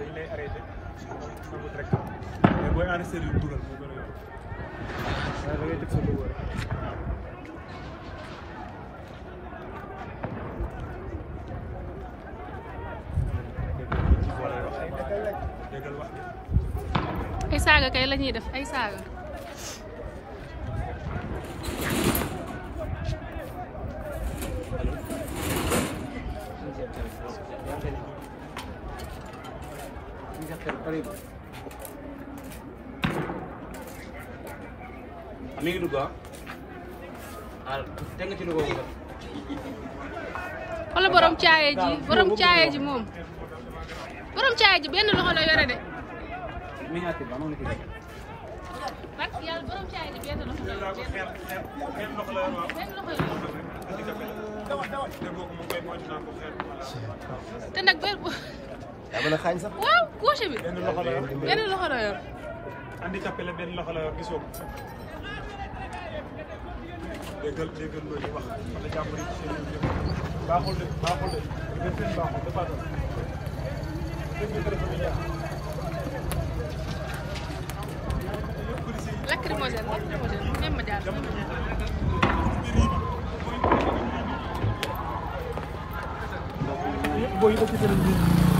dañ lay ah, ay saaga kay la def ay saaga karibu. Amingi duga. Al tenga ci duga. Wala borom caaye ji, borom moom. Borom caaye ji benn loxo la moom Te nag benn daa mën a xaañ sax. waaw gauche bi. benn loxo la yor benn loxo la yor. handicapé la benn loxo la yor gisoo ko. déggal déggal loolu wax wala jàmbur yi ci seen yëngu baaxul de baaxul de dégg seen baaxul dafa doon dégg nga téléphone yi lacrymogène lacrymogène même ma jaar booy occupé nañ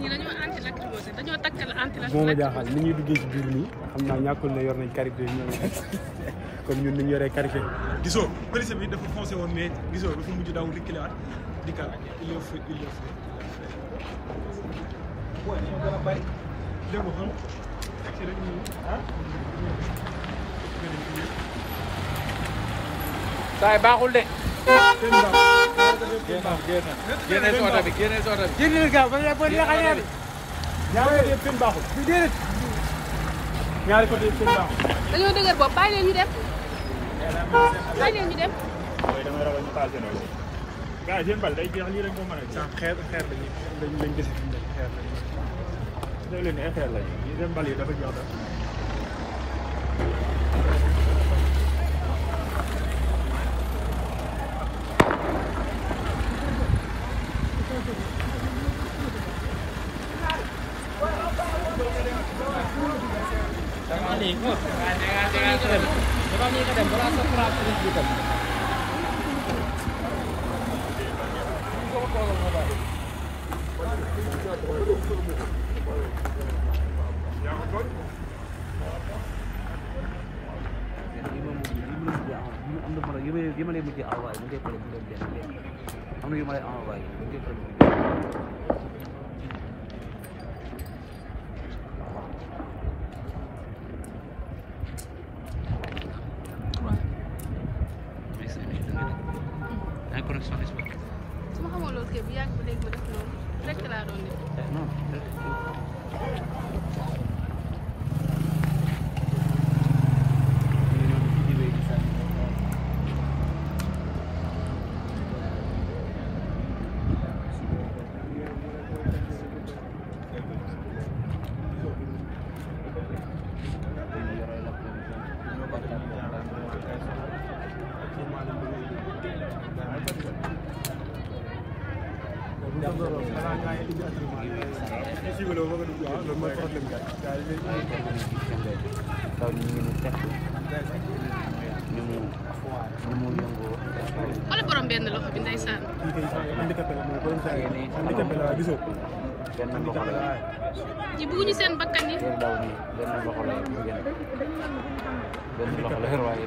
moo ma jaaxal ni ñuy duggee ci biir nii xam naa ñàkkul ne yor nañ karité ñoom comme ñun ñu yoree karité gisoo bi dafa foncé woon mais gisoo mujj daw reculer waat a bari dégg nga ah. saa yi baaxul de génne si oto bi génne si oto bi. génne gaaw ba ñu ba ñu yàq a ñaari. ñaari côté yëpp seen baaxul. déedéet. ñaari côté yëpp seen baaxul. dañoo dëgër bopp bàyyi leen ñu dem. bàyyi leen ñu dem. mooy damay ragal ñu taal seen aussi. gars seen bal day jeex lii rek moo mën a. sànq xeer xeer lañuy lañ lañ gis xeer lañuy. dégg leen ni ay xeer lañuy. lii seen bal yi dafa jeex dara. teman ikut jangan jangan keren teman ini keren berasa terakhir gitu yi ma lay mujjee envoyé mu ngi koy pare mu ngi leen benn léegi am na yu ma lay envoyé mu ngi koy pare mu ngi liggéey bu yàgg ba léegi ma def loolu rek laa doon def. taw ñu ngi mu teg ñu mu ñu mu yëngoo. wala borom benn loxo bi ndeysaan. benn loxo la. ji bëgguñu seen bakkan yi. benn loxo la benn loxo la waaye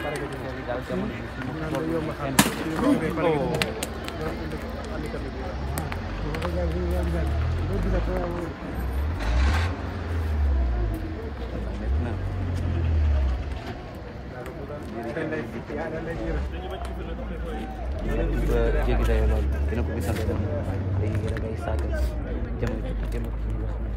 jéggi dayoo lool dina ko gisal ay ay saagal jamono jamono